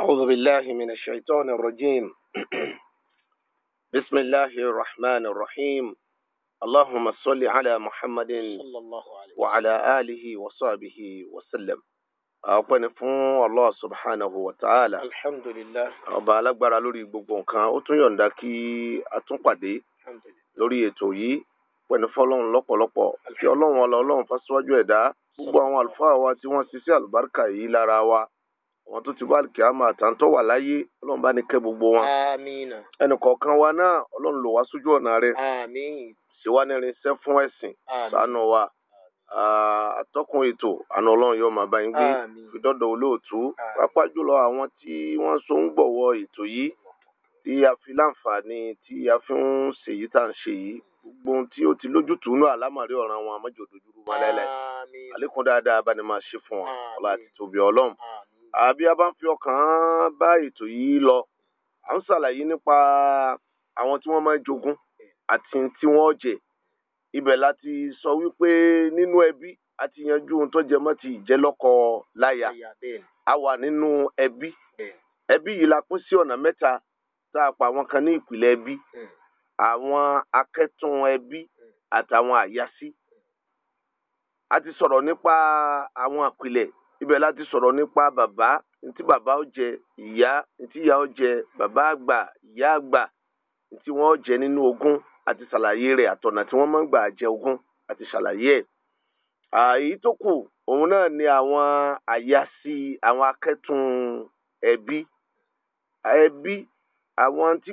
أعوذ بالله من الشيطان الرجيم بسم الله الرحمن الرحيم اللهم صل على محمد وعلى آله وصحبه وسلم ọpẹ́ ni fún Allah subhanahu wa ta'ala. alhamdulilah. ọba alágbára lórí gbogbo nǹkan ó tún yọ̀ǹda kí a tún pàdé lórí ètò yìí ọpẹ́ ni fọ́lọ́run lọ́pọ̀lọpọ̀ kí ọlọ́run ọlọ́run fásíwájú ẹ̀dá gbogbo àwọn àlùfáà wa tí wọ́n ṣiṣẹ́ àlùbáríkà yìí lára wa àwọn tó ti wá kíámà àtàntọ́ wà láyé ọlọ́run bá ní kẹ́ gbogbo wọn. àmín. ẹnì kọ̀ọ̀kan wa náà ọlọ́run lò wá sójú ọ̀nà rẹ̀. àmín. ṣèwánìrin iṣẹ́ fún ẹ̀sìn ṣàánú wa atọ́kùn ètò àna ọlọ́run yóò máa bá yín gbé ìdọ́dọ̀ olóòtú pápá jùlọ àwọn tí wọ́n so ń gbọ̀wọ́ ètò yìí tí a fi láǹfààní tí a fi ń ṣèyí tá à ń ṣe yìí gbogbo ohun tí ó ti lójútùú náà alámàrí ọ̀ràn wọn àmọ́jọ́ òdòdúró wọn lẹ́lẹ̀ àlékún dáadáa abánimá ṣe fún wọn ọlá àti tòbí ọlọ́run àbí a bá ń fi ọkàn bá ètò yìí lọ à ń ṣàlàyé nípa àwọn tí wọ́n máa ń jogún àti tí wọ́n jẹ ibẹ̀ láti sọ wípé nínú ẹbí a ti yanjú ohun tó jẹ mọ́ ti ìjẹ́lọ́kọ láya a wà nínú ẹbí ẹbí yìí la pín sí ọ̀nà mẹ́ta tá a pa àwọn kan ní ìpìlẹ̀ ẹbí àwọn akẹ́tùn ẹbí àtàwọn àyàsí a ti sọ̀rọ̀ nípa àwọn ìpìlẹ̀ ibẹ̀ láti sọ̀rọ̀ nípa bàbá ntí bàbá ó jẹ ìyá ntí ìyá ó jẹ bàbá àgbà ìyá àgbà ntí wọ́n ó jẹ nínú ogún àti ṣàlàyé rẹ̀ àtọ̀nà tí wọ́n máa ń gbà jẹ ogún àti ṣàlàyé ẹ̀. àyí tó kù òun náà ni àwọn àyàsí àwọn akẹ́tùn ẹbí ẹbí àwọn tí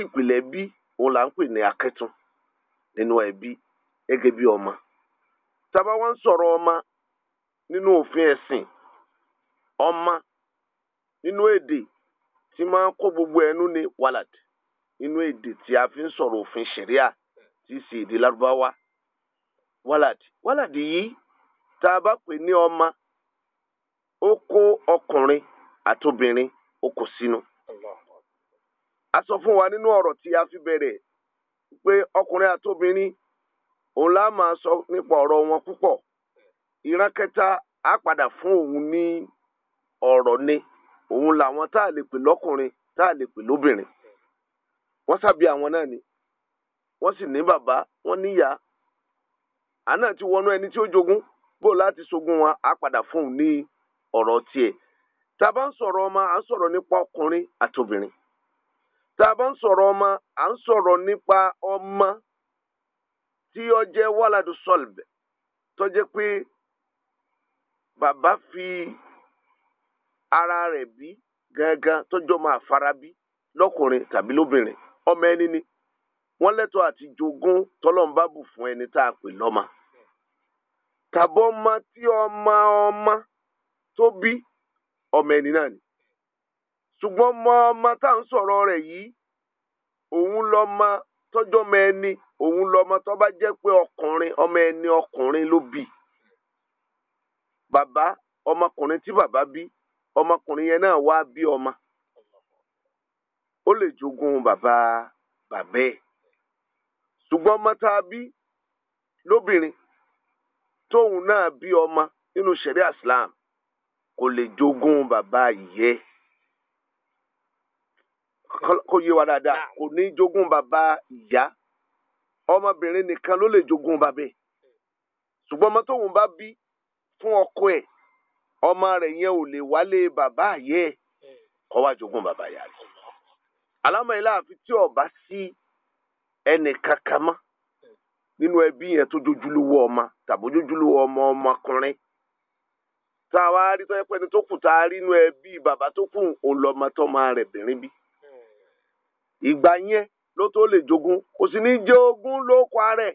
ìpìlẹ̀ bí òun là ń pè ní akẹ́tùn nínú ẹbí gẹ́gẹ́ bí ọmọ. tá bá sọ̀rọ̀ ọmọ nínú òfin ẹ̀sìn ọmọ nínú èdè tí máa ń kó gbogbo ẹnu ní walad nínú èdè tí a fi ń sọ̀rọ̀ òfin ṣẹ̀ríà tí í èdè lárúbáwá walad walad yìí tá a bá pè ní ọmọ ó kó ọkùnrin àtobìnrin ó kó sínú. a sọ fún wa nínú ọ̀rọ̀ tí a fi bẹ̀rẹ̀ pé ọkùnrin àtobìnrin òun lá máa sọ nípa ọ̀rọ̀ wọn púpọ̀ ìran kẹta á padà fún òun ní ọ̀rọ̀ ni òun làwọn tá a lè pè lọ́kùnrin tá a lè pè lóbìnrin wọ́n sábì àwọn náà ni wọ́n sì ní bàbá wọ́n níyà àná tí wọnú ẹni tí ó jogún bó láti ṣogún wọn á padà fún òun ní ọ̀rọ̀ tiẹ̀ tá a bá ń sọ̀rọ̀ ọmọ à ń sọ̀rọ̀ nípa ọkùnrin àtòbìnrin tá a bá ń sọ̀rọ̀ ọmọ à ń sọ̀rọ̀ nípa ọmọ tí ó jẹ́ wàládù pé bàbá fi ara rẹ̀ bí gangan tọ́jọ́ máa fara bí lọ́kùnrin tàbí lóbìnrin ọmọ ẹni ni wọ́n lẹ́tọ̀ọ́ àti jogún tọ́lọ́mbà bù fún ẹni tá a pè lọ́mọ tàbọ̀ ọmọ tí ọmọ ọmọ tó bí ọmọ ẹni náà ni ṣùgbọ́n ọmọ ọmọ tá à ń sọ̀rọ̀ rẹ̀ yìí òun lọ́mọ tọ́jọ́ ọmọ ẹni òun lọ́mọ tó bá jẹ́ pé ọkùnrin ọmọ ẹni ọkùnrin ló bí Baba, ọmọkùnrin tí bàbá bí ọmọkùnrin yẹn náà wá bí ọmọ ó lè jogún bàbá bàbá ẹ̀ ṣùgbọ́n ọmọ tá a bí lóbìnrin tóun náà bí ọmọ nínú ṣẹ̀ríà Islam kò lè jogún bàbá ìyẹ́ kó yé wa dáadáa kò ní jogún bàbá ìyá ọmọbìnrin nìkan ló lè jogún bàbá ẹ̀ ṣùgbọ́n ọmọ bá bí fún ọkọ ẹ, ọmọ rẹ̀ yẹn ò lè wálé bàbá yẹ kọ́ wá jogún bàbá yà rẹ̀. alámọ̀ ilé àfi tí ọba sí ẹnì kankan mọ́ nínú ẹbí yẹn tó jójúlówó ọmọ tàbí jójúlówó ọmọ ọmọkùnrin tá a wá rí tọ́jú pé tó kù tá a rí inú ẹbí bàbá tó kù òun lọ́mọ tó máa rẹ̀ bìnrin bí. ìgbà yẹn ló tó lè jogún kò sì ní jogún ló kọ ara ẹ̀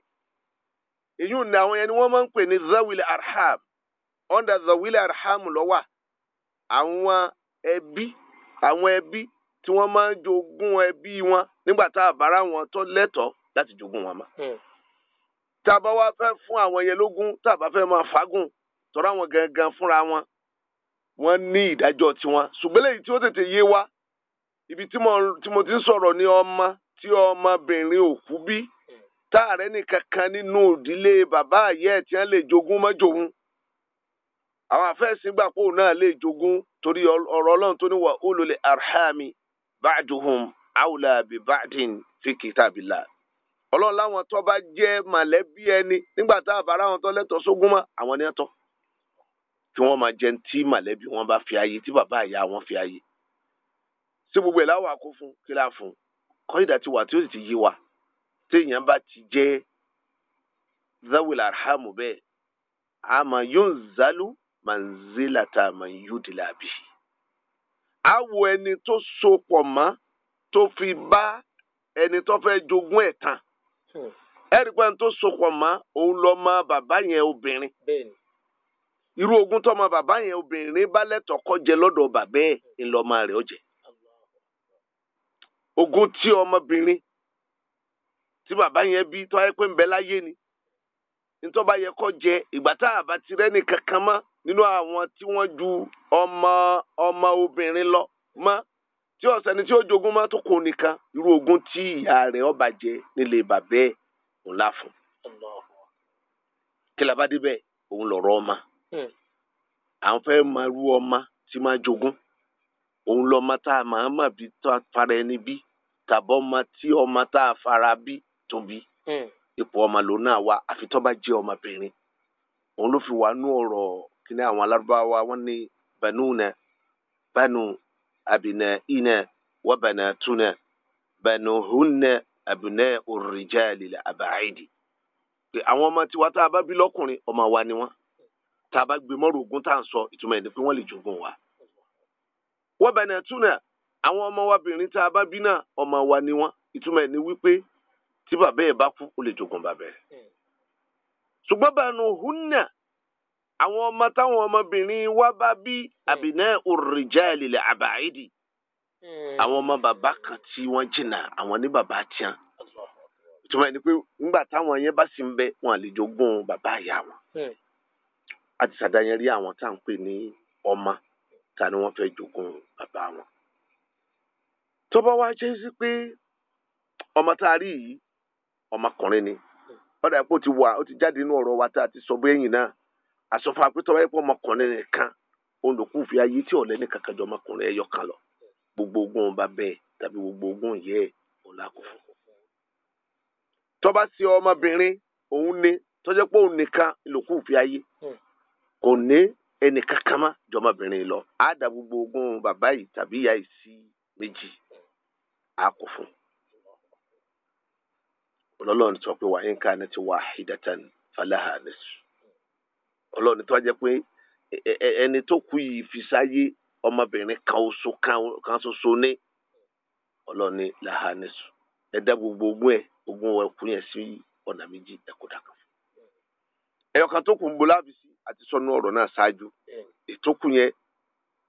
èyí ò àwọn yẹn ni wọ́n máa ń pè ní zawil arham under the will arham lọ́wà àwọn ẹbí àwọn ẹbí tí wọ́n máa ń jogún ẹbí wọn nígbà tá a bára wọn tó lẹ́tọ̀ọ́ láti jogún wọn mọ́. Hmm. tá a bá wá fẹ́ fún àwọn yẹn lógún tá a bá fẹ́ máa fagùn tọ́ra wọn gangan fúnra wọn wọ́n ní ìdájọ́ tiwọn ṣùgbọ́n lẹ́yìn tí ó tètè yé wa ibi tí mo ti ń sọ̀rọ̀ ní ọmọ tí ọmọbìnrin òkú bí hmm. táàrẹ́ nìkan kan nínú ìdílé bàbá àyẹ́ ẹ̀ tí wọ́n lè jogún mọ́jòun àwọn afẹ́sìn gbà pé òun náà lè jogún torí ọ̀rọ̀ ọlọ́run tó ní wà ulul arhami ba'duhum awla bi ba'din fi kitabillah. ọlọ́run láwọn tó bá jẹ́ mọ̀lẹ́bí ẹni nígbà tá a bá ráwọn tó lẹ́tọ̀ọ́ sógún mọ́ àwọn ni ẹ̀tọ́ tí wọ́n máa jẹun tí mọ̀lẹ́bí wọn bá fi ayé tí bàbá ìyá wọn fi ayé. sí gbogbo ẹ̀ láwọ̀ àkó fún kí láà fún kọ́ńdà ti wà tí ó sì ti yí wa téèyàn bá ti jẹ́ zawil arhamu bẹ́ẹ̀ àmọ́ yóò zálú manzilata man yudila bi, a wo ẹni tó so pọ̀ mọ́ tó fi bá ẹni tó fẹ́ jogún ẹ̀ tán hmm. ẹ̀rí pé ẹni tó so pọ̀ mọ́ òun lọ́mọ bàbá yẹn obìnrin irú ogún tọ́mọ bàbá yẹn obìnrin bá lẹ́tọ̀ọ́ kó jẹ lọ́dọ̀ bàbá ẹ̀ ńlọmọ rẹ̀ ó jẹ tí ọmọbìnrin tí bàbá yẹn bí tó ayẹ pé ń bẹ láyé ni ntọ́ba yẹ kó ìgbà tá a bá ti rẹ́ni kankan mọ́ nínú àwọn tí wọ́n ju ọmọ ọmọ obìnrin lọ mọ́ tí ọ̀sẹ̀ ni tí ó jogún mọ́ tó kó nìkan irú ogún tí ìyá rẹ̀ ó bàjẹ́ nílé bàbẹ́ ẹ̀ òun láfún. kí la bá dé bẹ́ẹ̀ òun lọ̀rọ̀ ọmọ hmm. à ń fẹ́ máa rú ọmọ tí máa jogún òun lọ́mọ tá a máa mà bí tó a fara ẹni bí tàbọ̀ ọmọ tí ọmọ tá a fara bí tó bí hmm. ipò ọmọ lòun náà wà àfi tó bá jẹ́ ọmọbìnrin òun ló fi wà nú ọ̀rọ̀ ní àwọn alárúbáwá wọ́n ní bẹ̀nú nẹ bẹ̀nú àbìnẹ ìnẹ wọ́n bẹ̀nẹ túnẹ bẹ̀nú húnẹ àbìnẹ òrìjà ìlẹ̀ àbáyédì. pé àwọn ọmọ tiwa tá a bá bí lọ́kùnrin ọmọ wa ni wọ́n tá a bá gbé mọ́rò ogun tá à ń sọ ìtumọ̀ ẹni pé wọ́n lè jogún wa. wọ́n bẹ̀nẹ túnẹ àwọn ọmọ wa bìnrin tá a bá bí náà ọmọ wa ni wọ́n ìtumọ̀ ẹni wípé tí bàbá yẹn bá kú ó lè jogún bàbá yẹn. Hmm. ṣùgbọ́n bẹ̀nú húnẹ àwọn ọmọ táwọn ọmọbìnrin wa bá bí àbìnà òrìjà ìlẹ̀ àbáyédì àwọn ọmọ bàbá kan tí wọ́n jìnnà àwọn ní bàbá tiẹ̀ ìtumọ̀ ẹni pé ńgbà táwọn yẹn bá sì ń bẹ wọn à lè jogún bàbá ìyá wọn hmm. a ti ṣàdáyẹn rí àwọn tá à ń pè ní ọmọ ta ni wọ́n fẹ́ jogún bàbá wọn tó bá wá jẹ́ sí pé ọmọ tá a rí yìí ọmọkùnrin ni ọ̀dà hmm. ẹ̀pọ̀ ti wà ó ti jáde inú ọ̀rọ̀ wa tá a ti sọ bẹ́yìn náà asọfo apẹtọ báyìí pọ ọmọkùnrin nìkan olùkú fi ayé tí ọlẹ ní kankan jọ ọmọkùnrin ẹyọ kan lọ gbogbo ogun ọba bẹ́ẹ̀ tàbí gbogbo ogun yẹ ọlá kò fún. tọ́ba sí ọmọbìnrin òun ni tọ́jẹ́ pé òun nìkan olùkú fi ayé kò ní ẹnì kankan má jọ ọmọbìnrin lọ á gbogbo ogun bàbá yìí tàbí ìyá yìí sí méjì á kò fún. ọlọ́lọ́run sọ pé wàá ń ká ẹni tí wàá falaha nìṣu ọlọ́run tó wá jẹ́ pé ẹni tó kú yìí fi sáyé ọmọbìnrin kan oṣù kan ṣoṣo ní ọlọ́ni làhánẹ́sù ẹ̀dá gbogbo ogún ẹ̀ ogún ẹkùn yẹn sí ọ̀nà méjì ẹ̀kọ́ dàgbà fún. ẹ̀yọ̀ kan tó kù ń bo láàbìsí àti sọnù ọ̀rọ̀ náà ṣáájú ètò kù yẹn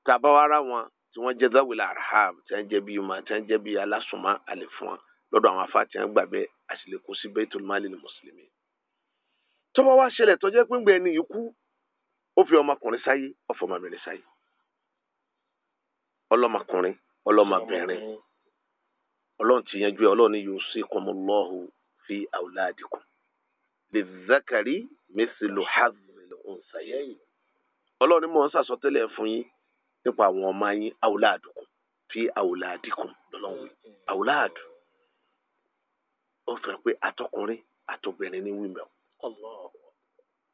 tá a bá wá ra wọn tí wọ́n jẹ́ dáwìlà araham tí wọ́n jẹ́ bí yuma tí wọ́n jẹ́ bí alásùnmá àlè fún wọn lọ́dọ̀ àwọn afá tí wọ́n gbà bẹ́ẹ̀ àṣìlẹ̀kọ́ sí bẹ́ẹ̀ tó máa lè ní mùsùlùmí tó bá wá ṣẹlẹ̀ tó jẹ́ pé ń gbẹ ẹni yìí kú ó fi ọmọkùnrin sáyé ọfọmọbìnrin sáyé ọlọ́mọkùnrin ọlọ́mọbìnrin ọlọ́run ti yanjú ẹ ọlọ́run ni yusikumullahu fi awladikum lizzakari mithlu hazzil unsayayn ọlọ́run ni mò ń sàsọtẹ́lẹ̀ fún yín nípa àwọn ọmọ yín awladukum fi awladikum lọ́lọ́run awladu ó fẹ́ pé atọkùnrin atọbìnrin ní wímẹ̀ o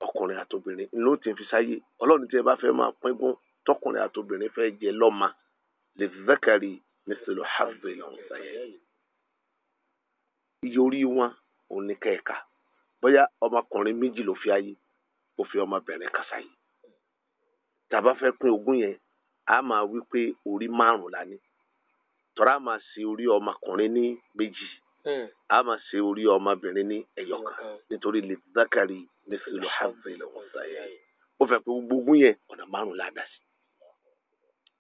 ọkùnrin àtòbìnrin ló ti fi sáyé ọlọ́run tí ẹ bá fẹ́ máa pínkún tọkùnrin àtòbìnrin fẹ́ jẹ lọ́ma lè zakari mẹsìlò hazel ọ̀sàyẹ. iye orí wọn ò ní kẹ́ẹ̀ka bóyá ọmọkùnrin méjì ló fi ayé ó fi ọmọbìnrin kan sáyé. tàbá fẹ́ pín ogún yẹn a máa wí pé orí márùn-ún la ní tọ́ra máa ṣe orí ọmọkùnrin ní méjì Hmm. a máa ṣe orí ọmọbìnrin ní ẹyọ kan hmm. nítorí lè zákàrí ní sílò hazel ọ̀sàyẹ ó fẹ́ pé gbogbo yẹn ọ̀nà márùn-ún la dá sí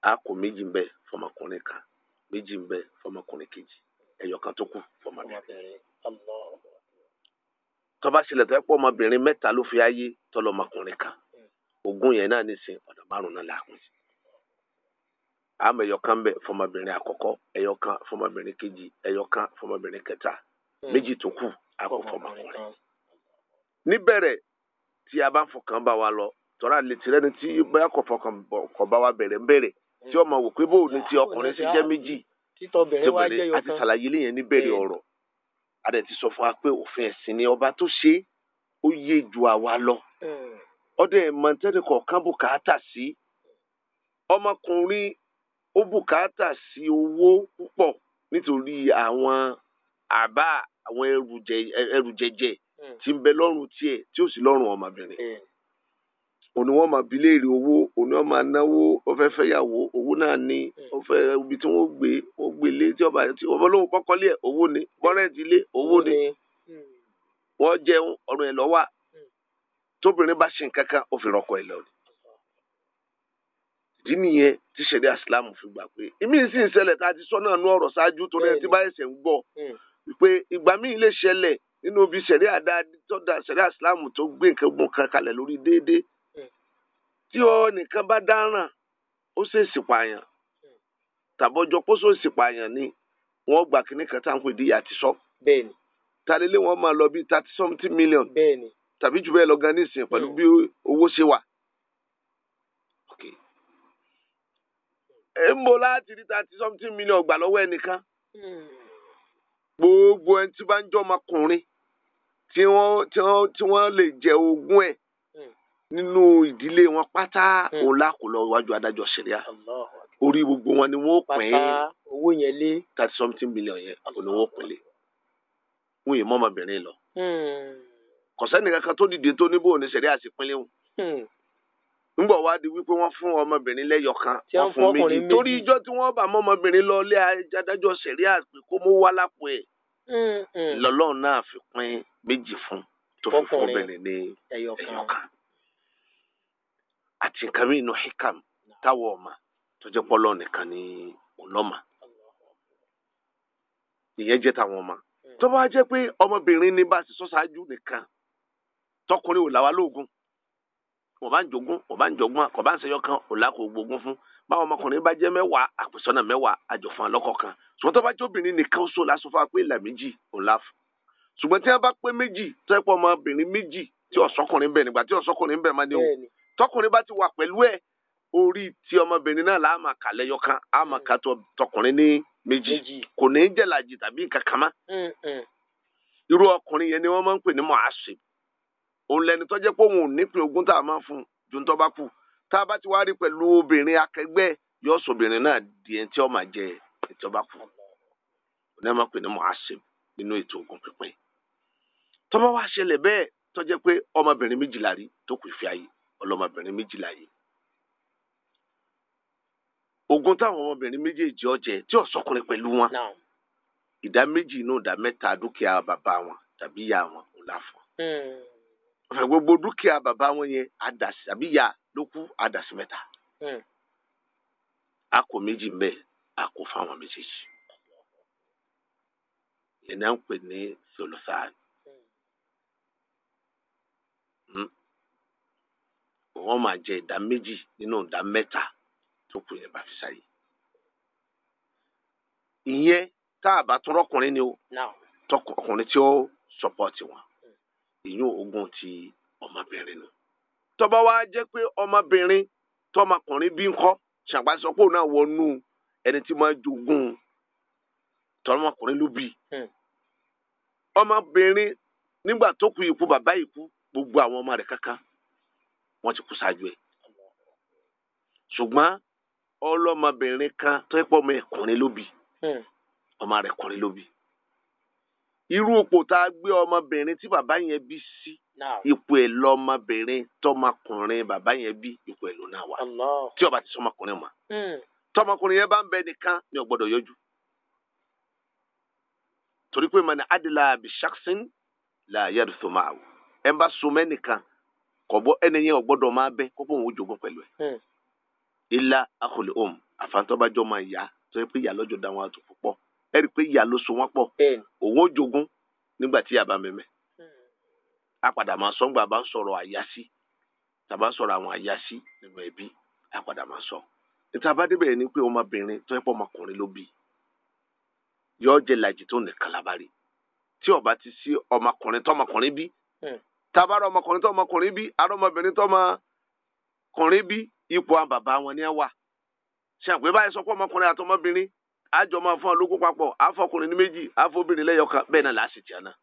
a kò méjì ń bẹ fọmọkùnrin kan méjì ń bẹ fọmọkùnrin kejì ẹyọ kan tó kù fọmọbìnrin tọba ṣẹlẹ̀ tó yẹ pé ọmọbìnrin mẹ́ta ló fi ayé tọlọmọkùnrin kan hmm. ogún yẹn náà nísìn ọ̀nà márùn náà la ama ɛyɔkan bɛ fɔmabìnrin àkọ́kọ́ ɛyɔkan fɔmabìnrin kejì ɛyɔkan fɔmabìnrin kẹta hmm. méjì tó kù akɔ fɔmakùnrin níbẹ̀rẹ̀ tí a bá fọkàn bá wa lọ tọ́ra létírẹ́ ni tí hmm. bóyá kò fọkàn bá wa bẹ̀rẹ̀ ń bẹ̀rẹ̀ hmm. tí ọmọ wò pé bóun ni ah, ti ọkùnrin ṣe jẹ́ ah, méjì tóbìnrin àti sàlàyé lẹ́yìn níbẹ̀rẹ̀ ọ̀rọ̀ a dẹ̀ ti sọ fún wa pé òfin ẹ̀sìn ni ọba tó ṣe ó yé ju àwa lọ ọdẹ mọ̀ntẹ́nì kọ̀ọ̀kan bùkátà sí ọmọkùnrin ó bùkátà sí owó púpọ̀ nítorí àwọn àbá àwọn ẹrù jẹjẹ hmm. tí ń bẹ lọ́rùn tiẹ̀ tí ò sí lọ́rùn ọmọbìnrin hmm. òní wọn máa bi léèrè owó òní wọn máa náwó ọfẹ fẹyàwó owó náà ni ọfẹ hmm. ibi tí wọn gbé wọn gbé lé tí ọba tí ọba olówó kọkọlé ẹ owó ni bọrẹǹtì lé owó ni wọn jẹun ọrùn ẹ lọ wà tóbìnrin bá ṣe nǹkan kan ó fi rọkọ ẹ lọ ni ìdí nìyẹn tí sẹ̀rí àsìlámù fi gbà pé ìmí sì ń ṣẹlẹ̀ tá a ti sọ náà nú ọ̀rọ̀ ṣáájú tó náà tí bá ẹsẹ̀ ń gbọ́ hmm. pé ìgbà míì lè ṣẹlẹ̀ nínú ibi sẹ̀rí àdá tọ́da sẹ̀rí àsìlámù tó gbé nǹkan gbọ̀n kan lórí déédéé hmm. tí ọ nìkan bá dáràn ó ṣe é sìpààyàn hmm. tàbọ̀jọ pósó ìsìpààyàn ni wọ́n gbà kínní kan tá à ń pè díyà wọn máa lọ bíi thirty something million. bẹ́ẹ̀ni. tàbí jù bẹ́ẹ̀ lọ gan nísìnyí pẹ̀lú bí owó ṣe wà. ẹ ń bo láti rí thirty something million gbà lọ́wọ́ ẹnìkan hmm. gbogbo ẹni tí bá ń jọ ọmọkùnrin tí wọ́n tí wọ́n tí wọ́n lè jẹ ogún ẹ̀ hmm. nínú ìdílé wọn pátá hmm. òun lákò lọ wájú adájọ́ ṣẹlẹ̀ orí gbogbo wọn ni wọ́n pín in owó yẹn lé thirty something million yẹn òun ni wọ́n pín lé wọn yìí mọ ọmọbìnrin lọ kọsẹ́nì kankan tó dìde tó níbò ní sẹ̀rí àsìpínlẹ̀ wọn ngbọ̀ wá di wípé wọ́n fún ọmọbìnrin lẹ́yọkan wọ́n fún méjì torí ijọ́ tí wọ́n bá mọ́mọbìnrin lọ lé adájọ́ sẹ̀ríà pé kó mú wá lápò ẹ̀ lọ́lọ́run náà fi pín méjì fún tó fi fún obìnrin ní ẹyọkan àti nǹkan mìíràn hikam táwọ̀ ọ̀ma tó jẹ́ pọ́lọ́ nìkan ní ọlọ́mà ìyẹn jẹ́ táwọn ọmọ mm. tó bá jẹ́ pé ọmọbìnrin ní bá a sì sọ ṣáájú nìkan tọkùnrin ò làwa lóògùn wọn bá ń jogún wọn bá ń jọgbọ́n kò bá ń ṣẹyọ kan ọ̀la kò gbógun fún báwọn ọmọkùnrin bá jẹ́ mẹ́wàá àpèsọ́nà mẹ́wàá àjọfún alọ́kọ̀ọ̀kan ṣùgbọ́n tó bá jẹ́ obìnrin nìkan ṣo la sọ fún wa pé ìlà méjì ọ̀la fún ṣùgbọ́n tí wọ́n bá pé méjì tó ẹ pọ̀ ọmọbìnrin méjì tí ọ̀sọ́kùnrin bẹ̀ nígbà tí ọ̀sọ́kùnrin bẹ̀ máa ní o tọkùnrin bá ti wà pẹ̀lú ẹ̀ orí ti ọmọbìnrin náà láàmà kà lẹ́yọ kan àmà mm. kà tọkùnrin ní méjì kò ní í jẹ́ làjì tàbí nǹkan kan mọ́ mm, mm. irú ọkùnrin yẹn ni wọ́n máa ń pè ní mọ̀ àṣìb òun lẹni tó jẹ́ pé òun ò nípìn ogún tá a máa fún ju tó bá kù tá a ti wá rí pẹ̀lú obìnrin akẹgbẹ́ yóò sọ obìnrin náà di ẹni tí ó máa jẹ ẹni tó kù nínú ètò ogún pínpín tó wá ṣẹlẹ̀ bẹ́ẹ̀ tọ́jẹ́ pé ọmọbìnrin méjìlá rí tó kù ayé ọlọmọbìnrin méjìlá gbogbo dúkìá bàbá wọn yẹn àdàsí àbí ya ló kú àdàsí mẹ́ta hmm. a kò méjì mbẹ a kò fáwọn méjèèjì yẹn náà ń pè ní solosan hmm. wọn máa jẹ ìdá méjì nínú ìdá mẹ́ta tó kù yẹn bá fi sáyé ìyẹn tá a bá tọrọkùnrin ni o tọkùnrin tí ó sọpọ́ọ̀tì wọn ìyún ogún ti ọmọbìnrin nù. tọ́ba wa jẹ́ pé ọmọbìnrin tọmọkùnrin bí ń kọ́ ṣàgbàsọ́pọ̀ náà wọnú ẹni tí máa jogún tọmọkùnrin ló bí. Hmm. ọmọbìnrin nígbà tó kú ikú bàbá ikú gbogbo àwọn ọmọ rẹ̀ kankan wọ́n ti kú ṣáájú ẹ̀. ṣùgbọ́n ọlọ́mọbìnrin kan tó ń pọ̀ ọmọ ẹ̀kùnrin ló bí hmm. ọmọ rẹ̀ kùnrin ló bí irú ipò tá a gbé ọmọbìnrin tí bàbá yẹn bí sí ipò ẹ̀ lọ́mọbìnrin tọmọkùnrin bàbá yẹn bí ipò ẹ̀ ló náà wà tí ó bá ti sọmọkùnrin mọ́ hmm. tọmọkùnrin yẹn bá ń bẹ nìkan ni ó gbọ́dọ̀ yọjú torí pé mani adela bishaksin la yẹrìsọ máa wò ẹ bá so mẹ́nìkan kọ̀bọ ẹni yẹn ó gbọ́dọ̀ máa bẹ kó fún òun jogún pẹ̀lú ẹ̀ hmm. ilá akọlẹ̀ òm um. àfàǹtọ́bájọ́ máa yá torí pé ìyá lọ́jọ́ dáwọn àtò púpọ̀ ẹ rí i pé ìyá ló so wọ́n pọ̀ òun ó jogún nígbà tí ìyá bá mẹ́mẹ́ hmm. a padà máa sọ ńgbà bá ń sọ̀rọ̀ àyàsí tàbá sọ̀rọ̀ àwọn àyàsí nínú ẹbí a padà máa sọ níta bá débẹ̀ ni pé ọmọbìnrin tó ń pọ̀ ọmọkùnrin ló bí yóò jẹ làjì tó nìkan lábárí tí ó bá ti sí ọmọkùnrin tọmọkùnrin bí hmm. tabarọ ọmọkùnrin tọmọkùnrin bí arọmọbìnrin tọmọkùnrin bí ipò àwọn bàbá wọn ni ẹ wà ṣàpè báyìí sọ pé ọmọkùnrin àtọmọbìnrin àjọ máa fún ológun papọ̀ àfọkùnrin ní méjì àfọbìnrin lẹ́yọkan bẹ́ẹ̀ náà láti jẹ́ náà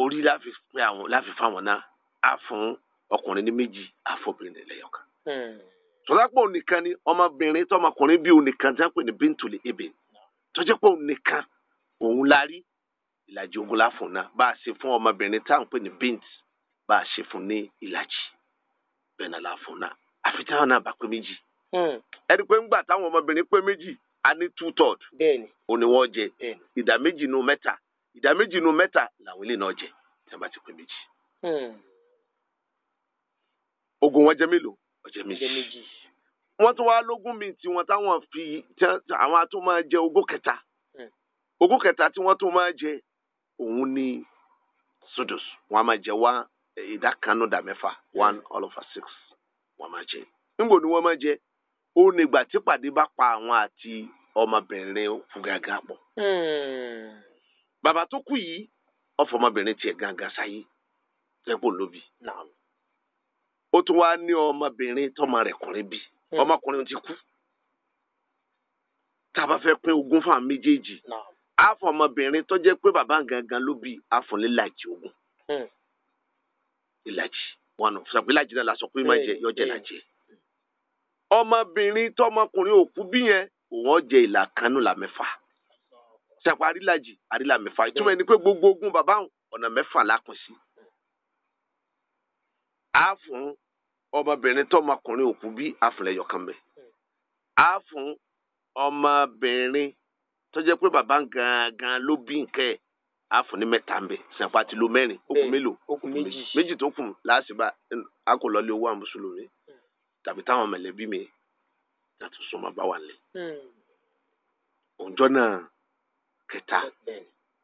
orí láfi pé àwọn láfi fáwọn náà á fún ọkùnrin ní méjì àfọbìnrin lẹ́yọkan. tọ́lápọ̀ nìkan ni ọmọbìnrin tọmọkùnrin bíi onìkan tí wọ́n pè ní bíntùlì ebè tọ́jọ́ pọ̀ nìkan òun la rí ìlàjì ogun láfún náà bá a ṣe fún ọmọbìnrin tá à ń pè ní bint bá a ṣe fún ní ìlàjì bẹ́ẹ̀ náà láfún náà àfi táwọn náà bá pé méjì Hmm. ẹni pé ńgbà táwọn ọmọbìnrin pé méjì a ní two third ò ní wọ́n jẹ ìdá méjì nu mẹ́ta ìdá méjì nu mẹ́ta làwọn ilé náà jẹ tí wọ́n bá ti pé méjì. Hmm. ogun wọn jẹ mélòó wọn jẹ méjì wọ́n tún wá lógún mi tí wọ́n táwọn fi àwọn atún máa jẹ ogún kẹta hmm. ogún kẹta tí wọ́n tún máa jẹ òun ni sudus wọ́n máa jẹ wá ìdá kan dà mẹ́fà one all over six wọ́n máa jẹ níbo ni wọ́n máa jẹ ó nígbà tí pàdé bá pa àwọn àti ọmọbìnrin fúgàgà pọ̀. Hmm. bàbá tó kú yìí ọ̀fọ̀ ọmọbìnrin tiẹ̀ gangan sáyé tẹ́kùn lóbi. ó tún wáá ní ọmọbìnrin tọmọ rẹ̀ kùnrin bí hmm. ọmọkùnrin ti kú. tá a bá fẹ́ pín ogún fún àwọn méjèèjì àfọ̀ ọmọbìnrin tó jẹ́ pé bàbá gangan ló bí àfọ̀nlélàjì ogún. Hmm. ìlàjì wọn sọ pé ìlàjì náà la sọ pé má jẹ yọjẹ làjẹ ọmọbìnrin tọmọkùnrin òkú bí yẹn òun jẹ ìlà kanú la mẹ́fà ṣàpọ̀ àrílàjì àrílà mẹ́fà ìtumọ̀ ẹni pé gbogbo ogun bàbá òun ọ̀nà mẹ́fà lákùn sí. a fún ọmọbìnrin tọmọkùnrin òkú bí àfúnlẹ̀yọ̀ kan bẹ̀. a fún ọmọbìnrin tó jẹ́ pé bàbá gangan ló bí nǹkan ẹ̀ a fún ní mẹ́ta ń bẹ̀ ṣàpọ̀ àti lo mẹ́rin ó kù mélòó méjì tó kù láàṣìbá a kò lọ lé owó àwọn tàbí táwọn mẹ̀lẹ́bí mi yàtọ̀ súnmọ́ bá wà lẹ̀. òǹjọ́ hmm. náà kẹta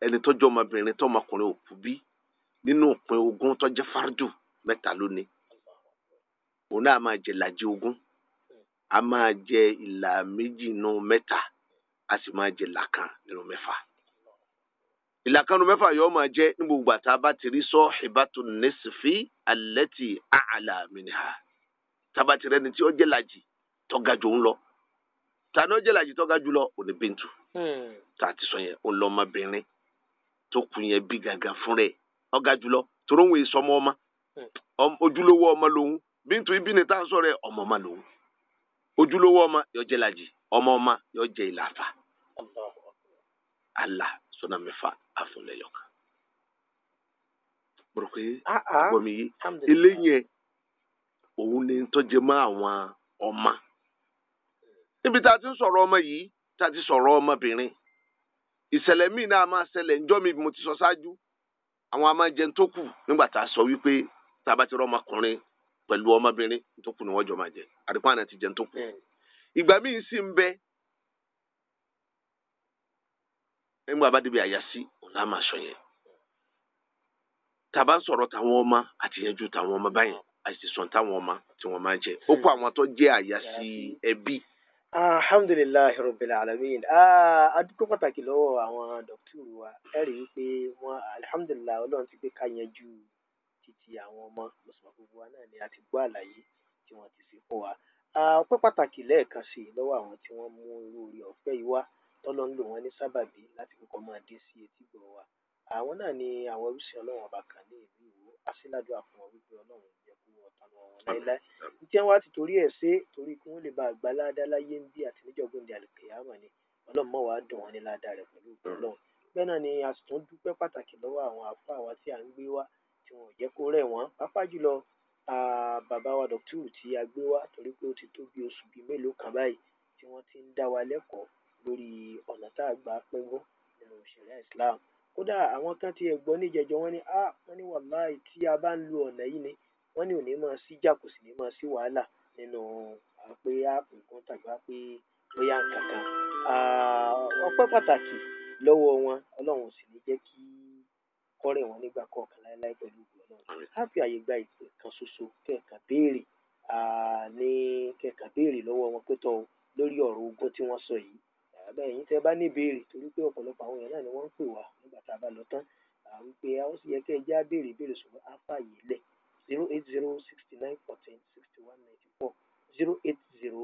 ẹni tọ́jú ọmọbìnrin tọmọkùnrin òkú bí nínú òpin ogún tọ́jẹ́ fárúdù mẹ́ta lónìí òun náà máa jẹ ìlàjì ogún a máa jẹ ìlà méjì nínú mẹ́ta a sì máa jẹ ìlà nínú mẹ́fà ìlà mẹ́fà yóò máa jẹ ní gbogbo àtàbà tìrí sọ ìbátan nẹ́sìfì alẹ́ ti àhàlà tabati rẹ ni tí o jẹ́ làjì tọ́ga jù ń lọ ta ni o jẹ́ làjì tọ́ga jù lọ Bintu hmm. ti sọ yẹn ó lọ ọmọbìnrin tó kù yẹn bí gàgà fún rẹ ọ̀gá jùlọ toro ń wòye sọmọ ọmọ hmm. ojúlówó ọmọ lòun Bintu ibi ni tá a sọ rẹ ọmọ ọmọ lòun ojúlówó ọmọ yóò jẹ́ làjì ọmọ ọmọ ìlàfà òun ni tó jẹ mọ́ àwọn ọmọ níbi tá a ti ń ọmọ yìí tá a ti sọ̀rọ̀ ọmọbìnrin ìṣẹ̀lẹ̀ míì náà máa ṣẹlẹ̀ mi mo ti sọ ṣáájú àwọn amájẹun tó kù nígbà tá a sọ wípé tá a bá ti rọ ọmọkùnrin pẹ̀lú ọmọbìnrin tó kù ni wọ́n jọ máa jẹ àdìpọ́n àná ti jẹun tó kù ìgbà míì sì àìsàn táwọn ọmọ tí wọ́n máa ń jẹ ó kó àwọn tó jẹ́ àyà sí ẹbí. alhamdulilayi rabbil alamin adúgbò pàtàkì lọ́wọ́ àwọn dọ́kítù wa ẹ rí i pé wọ́n alhamdulilayi ọlọ́run ti gbé ká yanjú títí àwọn ọmọ lọ́sọ̀rọ̀ gbogbo wa náà ni a ti gbọ́ àlàyé tí wọ́n ti fi fún wa. ọpẹ́ pàtàkì lẹ́ẹ̀kan sí i lọ́wọ́ àwọn tí wọ́n mú irú orí ọ̀fẹ́ yìí wá tọ́lọ́ ń lò wọ́n ní sábàbí láti kọ́kọ́ máa dé sí etígbọ̀ wa àwọn náà ni àwọn oríṣìí ọlọ́run ọba kan ní ìlú ìwò aṣíládùá fún wọn wípé ọlọ́run jẹ́ kó ọ̀tá lọ wọn láéláé tí wọ́n á ti torí ẹ̀ ṣe torí kí wọ́n lè bá àgbà ládàá láyé ń bí àti níjọ́gbọ́n di àlùkìyàmọ̀ ni ọlọ́run mọ̀ wàá dùn wọn ní ládàá rẹ̀ pẹ̀lú ọlọ́run bẹ́ẹ̀ náà ni a sì tún dúpẹ́ pàtàkì lọ́wọ́ àwọn àfáà wa tí à ń gbé wá tí wọn ò jẹ́ kó rẹ̀ wọ́n pàápàá jùlọ bàbá wa dọ̀túrù tí a gbé wá torí pé ó ti tó bí oṣù bíi mélòó kan báyìí tí wọ́n ti ń dá wa lẹ́kọ̀ọ́ lórí ọ̀nà tá a gbà pẹ́gọ́ nínú ìṣẹ̀lẹ̀ Islam kódà àwọn kan tiẹ̀ gbọ́ níjẹjọ wọ́n ní ah wọ́n ní wàláì tí a bá ń lo ọ̀nà yìí ni wọ́n ní ò ní máa sí ìjà kò sì ní máa sí wàhálà nínú pé áàpù kan tàbí pé bóyá kankan ọpẹ́ pàtàkì lọ́wọ́ wọn ọlọ́run sì ní jẹ́ kí kọ́rẹ̀ wọn nígbà kọ̀ọ̀kan láéláé pẹ̀lú á fi àyè gba ìpè kan ṣoṣo wọn pé tọ́ lórí ọ̀rọ̀ tí wọ́n sọ àbí ẹ̀yin tí ẹ bá ní ìbéèrè torí pé ọ̀pọ̀lọpọ̀ àwọn èèyàn náà ni wọ́n ń pè wá nígbà tá a bá lọ tán wípé ó sì yẹ kí ẹ jẹ́ á béèrè ìbéèrè ṣùgbọ́n á fààyè lẹ̀ zero eight zero sixty nine fourteen sixty one ninety four zero eight zero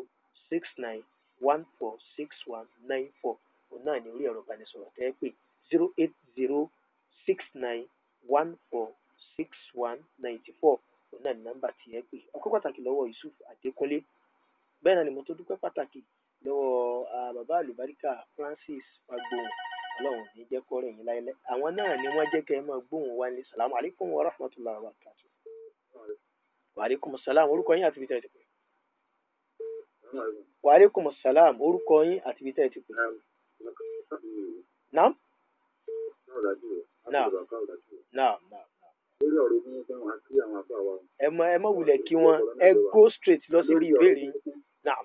six nine one four six one nine four òun náà ni orí ẹ̀rọ ìbánisọ̀rọ̀ tẹ́ ẹ pè zero eight zero six nine one four six one ninety four òun náà ni nọ́mbà tí ẹ pè ọkọ pàtàkì lọ́wọ́ Yusuf Adékúnlé bẹ́ẹ̀ náà ni mo tó dúpẹ́ pàtàkì lọ́wọ́ bàbá àlùbáríkà francis fagbohun ọlọ́run ní jẹ́ kó rẹ̀ yín láyé àwọn náà ni wọ́n jẹ́ kẹ́ ẹ máa gbóhùn wa ní salamu alaykum wa rahmatulah wa barakatu. wa aleykum orúkọ yín àti ibi tẹ́ ẹ ti pè. wa aleykum orúkọ yín àti ibi tẹ́ ẹ ti pè. naam. naam naam naam ẹ mọ ẹ mọ wulẹ̀ kí wọn ẹ go straight lọ sí ibi ìbéèrè naam.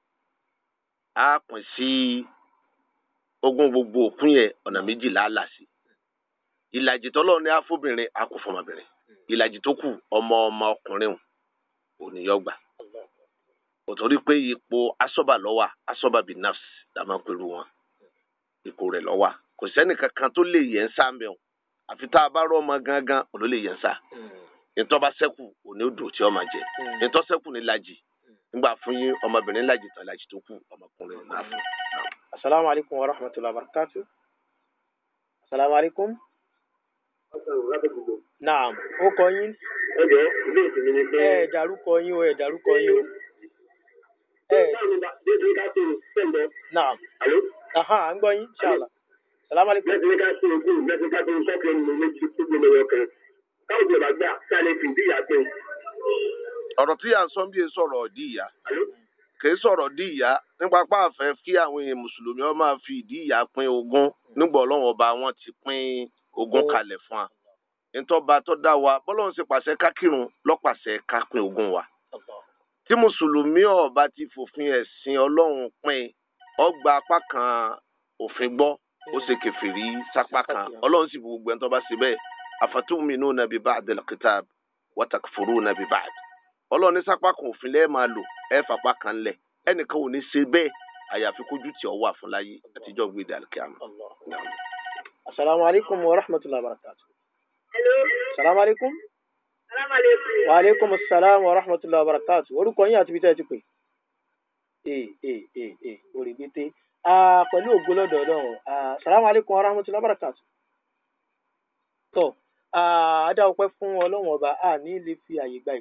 A pín sí ogún gbogbo òkun yẹn ọ̀nà méjì láàlà sí ìlàjì tọ́lọ́ ní afọ́bìnrin a kò fọmọbìnrin ìlàjì tó kù ọmọ ọmọ ọkùnrin ò ní yọ gbà òtòrí pé ipò asọ́bà lọ́wà asọ́bà bíi nafsi la máa ń pẹ̀lú wọn ipò rẹ̀ lọ́wà kò sẹ́ni kankan tó lè yẹn sá mẹ́wọ̀n àfi tá a bá rọ́ ọmọ gangan ò ló lè yẹn sá ìtọ́ hmm. bá sẹ́kù òní odò tí ó máa jẹ ìtọ́ hmm. sẹ́kù ní làjì nígbà fún yín ọmọbìnrin lajì tán lajì tó kù ọmọkùnrin náà fún. asalaamu alaykum wa rahmatulah barakatu. asalaamu alaykum. naam ó kọ yín. ọjọ ilé ìsinmi ni pé. ẹ dárúkọ yín o ẹ dárúkọ yín o. ẹ naam aha à ń gbọ́ yín ṣáàlà. salaamu alaykum. lẹ́sìn ká ṣe ogún lẹ́sìn ká ṣe ogún sọ́kùnrin mi méjì tó gbé lọ́wọ́ kan káwọn ìjọba gbà sálẹ̀ fìdí ìyá pé ọ̀rọ̀ tí à ń sọ bí e sọ̀rọ̀ ìdí ìyá kìí sọ̀rọ̀ ìdí ìyá nípa pá àfẹ́ kí àwọn èèyàn mùsùlùmí ó máa fi ìdí ìyá pín ogún hmm. nígbà ọlọ́run ọba wọn ti pín ogún hmm. kalẹ̀ fún wa ntọ́ba tó dá wa bọ́lọ́run ṣe pàṣẹ kákírun lọ́pàṣẹ ká pín ogún wa tí mùsùlùmí ó bá ti fòfin ẹ̀sìn ọlọ́run pín ọgbà apá kan òfin gbọ́ ó ṣe kẹfìrí sápá kan ọlọ́run sì gbogbo ẹni tó ṣe bẹ́ẹ̀ afatuminuna bi ba'dil kitab wa takfuruna bi ba'd ọlọ́run ní sápá kan òfin lẹ́ẹ̀ máa lò ẹ fapá kan lẹ̀ ẹnìkan ò ní ṣe bẹ́ẹ̀ àyàfi kójú tí ọ wà fún láyé àtijọ́ gbé dàlùkì àná. asalaamu alaykum wa rahmatulahi wa barakatu. hello. salaamu alaykum. salaamu alaykum. wa aleykum salaam wa rahmatulahi wa barakatu. orúkọ yín àti ibi tẹ́ ẹ ti pè. ee ee ee ee orí gbẹ́tẹ́ pẹ̀lú ògbólọ́dọ̀ ọlọ́run asalaamu alaykum wa rahmatulahi barakatu. tọ́ adáwọ̀pẹ́ fún ọlọ́run ọba a ní lè fi àyè gba